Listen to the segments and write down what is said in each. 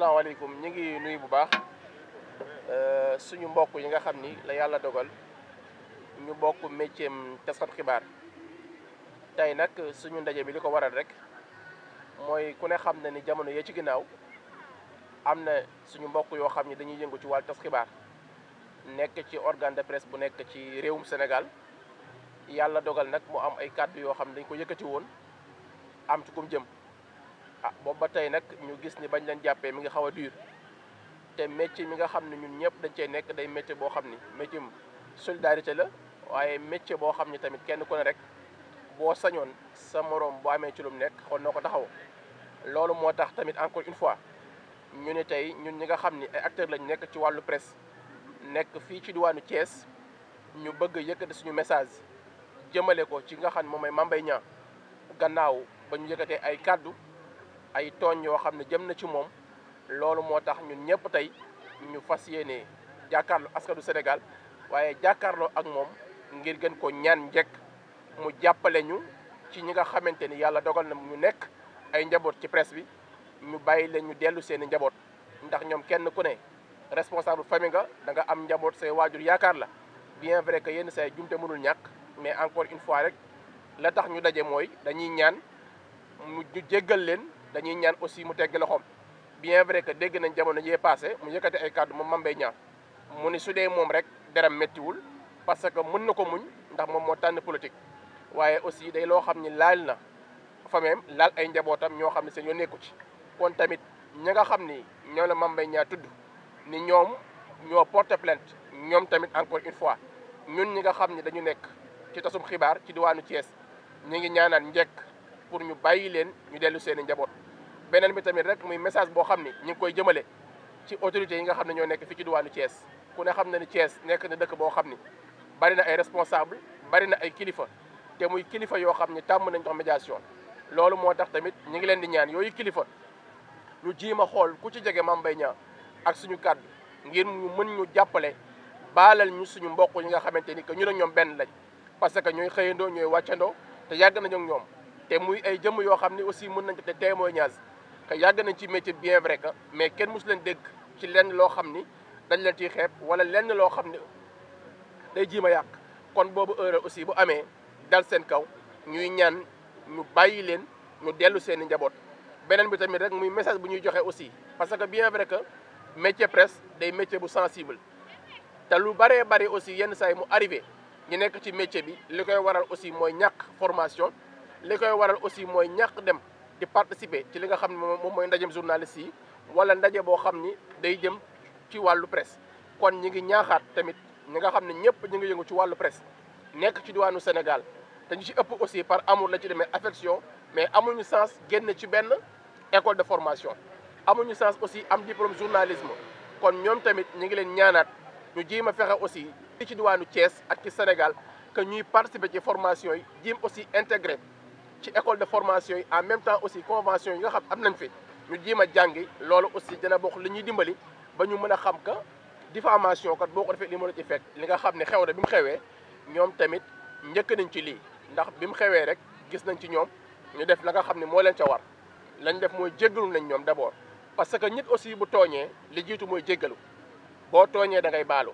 asalaamaaleykum ñu ngi nuyu bu baax euh, suñu mbokk yi nga xam ni la yàlla dogal ñu bokk métier tasxat xibaar tey nag suñu ndaje bi li ko waral rek mooy ku ne xam na ni jamono yee ci ginnaaw am na suñu mbokk yoo xam ni dañuy yëngu ci wàllu tas xibaar nekk ci organe de presse bu nekk ci réewum Sénégal yàlla dogal nag mu am ay kàddu yoo xam ne dañ ko yëkkati woon am ci kum jëm. ah boobu ba tey nag ñu gis ni bañ leen jàppee mi ngi xaw a dur te métier mi nga xam ne ñun ñëpp dañ cey nekk day métier boo xam ni métier solidarité la waaye métier boo xam ni tamit kenn ku ne rek boo sañoon sa moroom boo amee ci lu mu nekk xool noo ko taxaw loolu moo tax tamit encore une fois ñu ne tey ñun ñi nga xam ni ay acteurs lañ nekk ci wàllu presse nekk fii ci diwaanu Thiès ñu bëgg yëkkati suñu message jëmale ko ci nga xam ne moom mooy Mame Mbaye gannaaw ba ñu ay kàddu ay tooñ yoo xam ne jëm na ci moom loolu moo tax ñun ñëpp tey ñu fas yéene jàkkaarloo du Sénégal waaye jàkkaarloo ak moom ngir gën ko ñaan njëkk mu jàppale ñu ci ñi nga xamante ni yàlla dogal na mu nekk ay njaboot ci presse bi ñu bàyyi leen ñu dellu seen i njaboot ndax ñoom kenn ku ne responsable famille nga da nga am njaboot say waajur yaakaar la bien vrai que yenn say jumte mënul ñàkk mais encore une fois rek la tax ñu daje mooy dañuy ñaan mu ñu leen dañuy ñaan aussi mu tegg loxoom bien vrai que dégg nañ jamono jee passé mu yëkkati ay kàddu moom Mame Mbaye mu ni su moom rek deram méttiwul parce que mën na ko muñ ndax moom moo tànn politique waaye aussi day loo xam ni laal na fameem laal ay njabootam ñoo xam ne seen yoon nekku ci kon tamit ñi nga xam ni ñoo la Mame Mbaye tudd ni ñoom ñoo porté plainte ñoom tamit encore une fois ñun ñi nga xam ni dañu nekk ci tasum xibaar ci diwaanu Thiès ñu ngi ñaanal njekk pour ñu bàyyi leen ñu dellu seen njaboot beneen bi tamit rek muy message boo xam ni ñu ngi koy jëmale ci autorités yi nga xam ne ñoo nekk fii ci diwaanu Thiès ku ne xam na ni Thiès nekk na dëkk boo xam ni bari na ay responsable bari na ay kilifa te muy kilifa yoo xam ni tàmm nañ ko médiation loolu moo tax tamit ñu ngi leen di ñaan yooyu kilifa ñu jiima xool ku ci jege Mame Mbaye ak suñu kàddu ngir ñu mën ñu jàppale baalal ñu suñu mbokk yi nga xamante ni que ñu ne ñoom benn lañ parce que ñooy xëyandoo ñooy wàccandoo te yàgg nañu ñoom te muy ay jëmm yoo xam ni aussi mën nañ def te témoignage que yàgg nañ ci métier bien vrai que mais kenn mosu leen dégg ci lenn loo xam ni dañ leen ciy xeep wala lenn loo xam ni day jiima yàq kon boobu erreur aussi bu amee dal seen kaw ñuy ñaan ñu bàyyi leen ñu dellu seen i njaboot beneen bi tamit rek muy message bu ñuy joxe aussi parce que bien vrai que métier presse day métier bu sensible te lu bëree bëri aussi yenn saa mu arrivé ñu nekk ci métier bi li koy waral aussi mooy ñàkk formation li koy waral aussi mooy ñàkk dem di participer ci li nga xam ne moom mooy ndajem journaliste yi wala ndaje boo xam ni day jëm ci wàllu presse kon ñi ngi ñaaxaat tamit ñi nga xam ne ñëpp ñi ngi yëngu ci wàllu presse nekk ci diwaanu Sénégal te ñu ci ëpp aussi par amul la ci demee affection mais ñu sens génn ci benn école de formation ñu sens aussi am diplôme journalisme kon ñoom tamit ñi ngi leen ñaanaat ñu jéem a fexe aussi ci diwaanu cees ak ci Sénégal que ñuy participer ci formation yi jéem aussi intégré ci école de formation yi en même temps aussi convention yi nga xam am nañ fi ñu jéem a jàngi loolu aussi dina bokk li ñuy dimbali ba ñu mën a xam que diffamation kat boo ko defee li ma la ci fekk li nga xam ne xew na bi mu xewee ñoom tamit njëkk nañ ci lii ndax bi mu xewee rek gis nañ ci ñoom ñu def la nga xam ne moo leen ca war lañ def mooy jéggalu nañ ñoom d'abord parce que nit aussi bu tooñee li jiitu mooy jéggalu boo tooñee da ngay baalu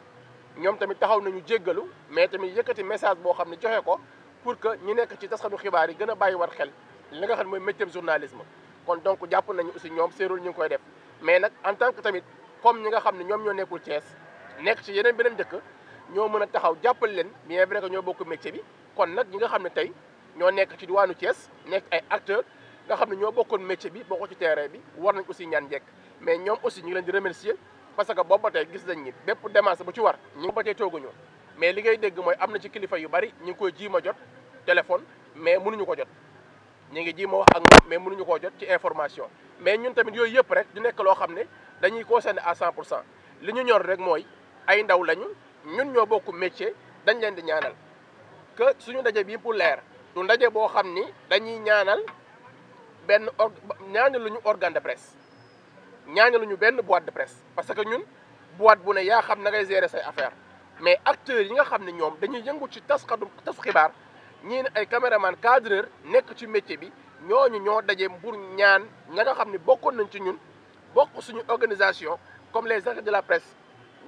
ñoom tamit taxaw nañu jéggalu mais tamit yëkkati message boo xam ne joxe ko pour que ñu nekk ci taskatu xibaar yi gën a bàyyi war xel li nga xam mooy métier journalisme kon donc jàpp nañu aussi ñoom séerul ñu ngi koy def mais nag en tant que tamit comme ñi nga xam ne ñoom ñoo nekkul Thiès nekk ci yeneen beneen dëkk ñoo mën a taxaw jàppal leen bien vrai que ñoo bokk métier bi kon nag ñi nga xam ne tey ñoo nekk ci diwaanu Thiès nekk ay acteurs nga xam ne ñoo bokkoon métier bi bokk ci terrain bi war nañ aussi ñaan njekk mais ñoom aussi ñu ngi leen di parce que boobu ba tey gis nañ ni bépp démarche bu ci war ñu ba tey mais li ngay dégg mooy am na ci kilifa yu bari ñu ngi jiima jot téléphone mais mënuñu ko jot ñu ngi ji ma wax ak moom mais mënuñu koo jot ci information mais ñun tamit yooyu yëpp rek du nekk loo xam ne dañuy concerné à 100 pour cent li ñu ñor rek mooy ay ndaw lañu ñun ñoo bokk métier dañ leen di ñaanal que suñu ndaje bii pour leer du ndaje boo xam ni dañuy ñaanal benn or ñaanaluñu organe de presse ñaanaluñu benn boîte de presse parce que ñun boîte bu ne yaa xam na ngay gérer say affaire mais acteurs yi nga xam ne ñoom dañuy yëngu ci tas xadu tas xibaar ñii ay caméraman cadreur nekk ci métier bi ñooñu ñoo daje mbur ñaan ña nga xam ne bokkoon nañ ci ñun bokk suñu organisation comme les acteurs de la presse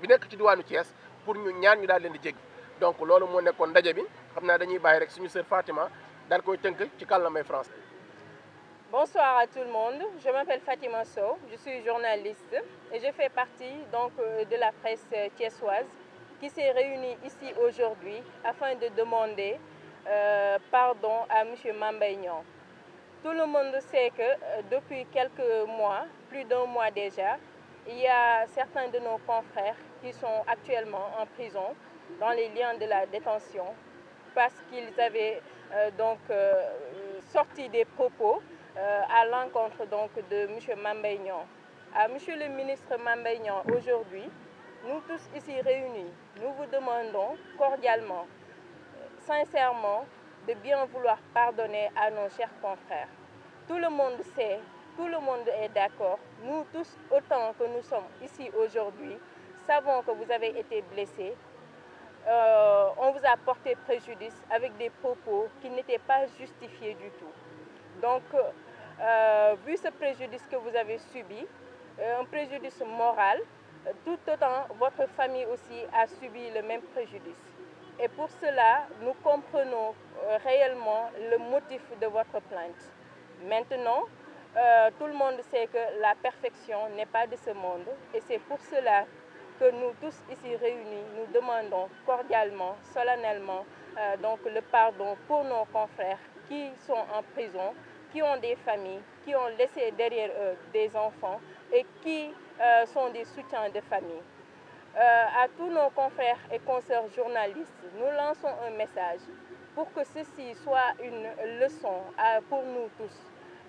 bi nekk ci diwaanu Thiès pour ñu ñaan ñu daal leen di jéggi donc loolu moo nekkoon ndaje bi xam naa dañuy bàyyi rek suñu sœur Fatima daal koy tënk ci kàllamay France. Bonsoir à tout le monde. Je m'appelle Fatima Sow, je suis journaliste et je fais partie donc euh, de la presse euh, thiessoise qui s'est réunie ici aujourd'hui afin de demander euh, pardon à monsieur Mambay Niang tout le monde sait que euh, depuis quelques mois plus d'un mois déjà il y a certains de nos confrères qui sont actuellement en prison dans les liens de la détention parce qu'ils avaient euh, donc euh, sorti des propos euh, à l'encontre donc de monsieur Mambay Niang à monsieur le ministre Mambay Niang aujourd'hui nous tous ici réunis nous vous demandons cordialement sincèrement de bien vouloir pardonner à nos chers confrères. Tout le monde sait, tout le monde est d'accord. Nous tous, autant que nous sommes ici aujourd'hui, savons que vous avez été blessés. Euh, on vous a porté préjudice avec des propos qui n'étaient pas justifiés du tout. Donc, euh, vu ce préjudice que vous avez subi, euh, un préjudice moral, tout autant votre famille aussi a subi le même préjudice. Et pour cela, nous comprenons euh, réellement le motif de votre plainte. Maintenant, euh, tout le monde sait que la perfection n'est pas de ce monde et c'est pour cela que nous tous ici réunis, nous demandons cordialement, solennellement euh, donc le pardon pour nos confrères qui sont en prison, qui ont des familles, qui ont laissé derrière eux des enfants et qui euh, sont des soutiens de famille. Euh, à tous nos confrères et consoeurs journalistes, nous lançons un message pour que ceci soit une leçon euh, pour nous tous.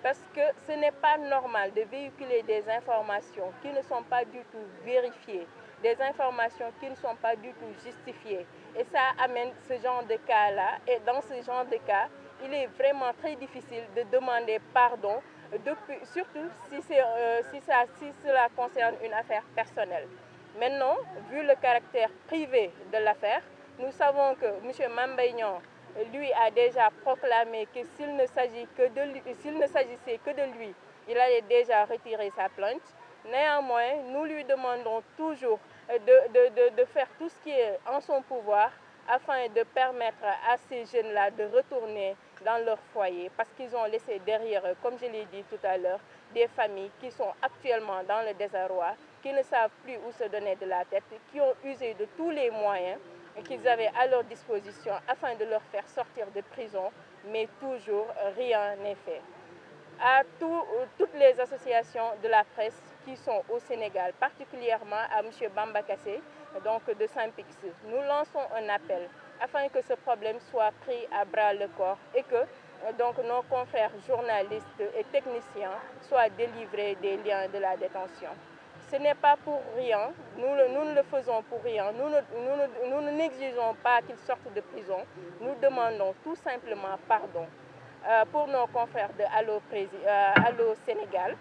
Parce que ce n'est pas normal de véhiculer des informations qui ne sont pas du tout vérifiées, des informations qui ne sont pas du tout justifiées. Et ça amène ce genre de cas Et dans ce genre de cas, il est vraiment très difficile de demander pardon, depuis, surtout si, euh, si, ça, si cela concerne une affaire personnelle. Maintenant, vu le caractère privé de l'affaire, nous savons que M. Mambaignan, lui, a déjà proclamé que s'il ne s'agit que de s'agissait que de lui, il allait déjà retirer sa plainte. Néanmoins, nous lui demandons toujours de, de, de, de faire tout ce qui est en son pouvoir afin de permettre à ces jeunes-là de retourner dans leur foyer parce qu'ils ont laissé derrière eux, comme je l'ai dit tout à l'heure, des familles qui sont actuellement dans le désarroi qui ne savent plus où se donner de la tête, qui ont usé de tous les moyens qu'ils avaient à leur disposition afin de leur faire sortir de prison, mais toujours rien n'est fait. À tout, toutes les associations de la presse qui sont au Sénégal, particulièrement à M. Bamba Kassé, donc de Saint-Pix, nous lançons un appel afin que ce problème soit pris à bras le corps et que donc nos confrères journalistes et techniciens soient délivrés des liens de la détention. ce n'est pas pour rien, nous, le, nous, ne le faisons pour rien, nous n'exigeons pas qu'ils sortent de prison, nous demandons tout simplement pardon euh, pour nos confrères de Allo, euh, Allo, Sénégal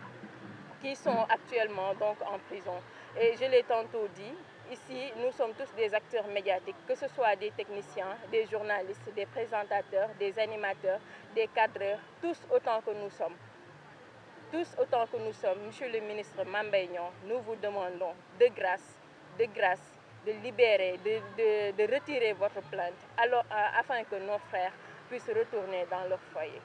qui sont actuellement donc en prison. Et je l'ai tantôt dit, ici nous sommes tous des acteurs médiatiques, que ce soit des techniciens, des journalistes, des présentateurs, des animateurs, des cadreurs, tous autant que nous sommes. tous autant que nous sommes, Monsieur le ministre Mambaignan, nous vous demandons de grâce, de grâce, de libérer, de, de, retirer votre plainte euh, afin que nos frères puissent retourner dans leur foyer.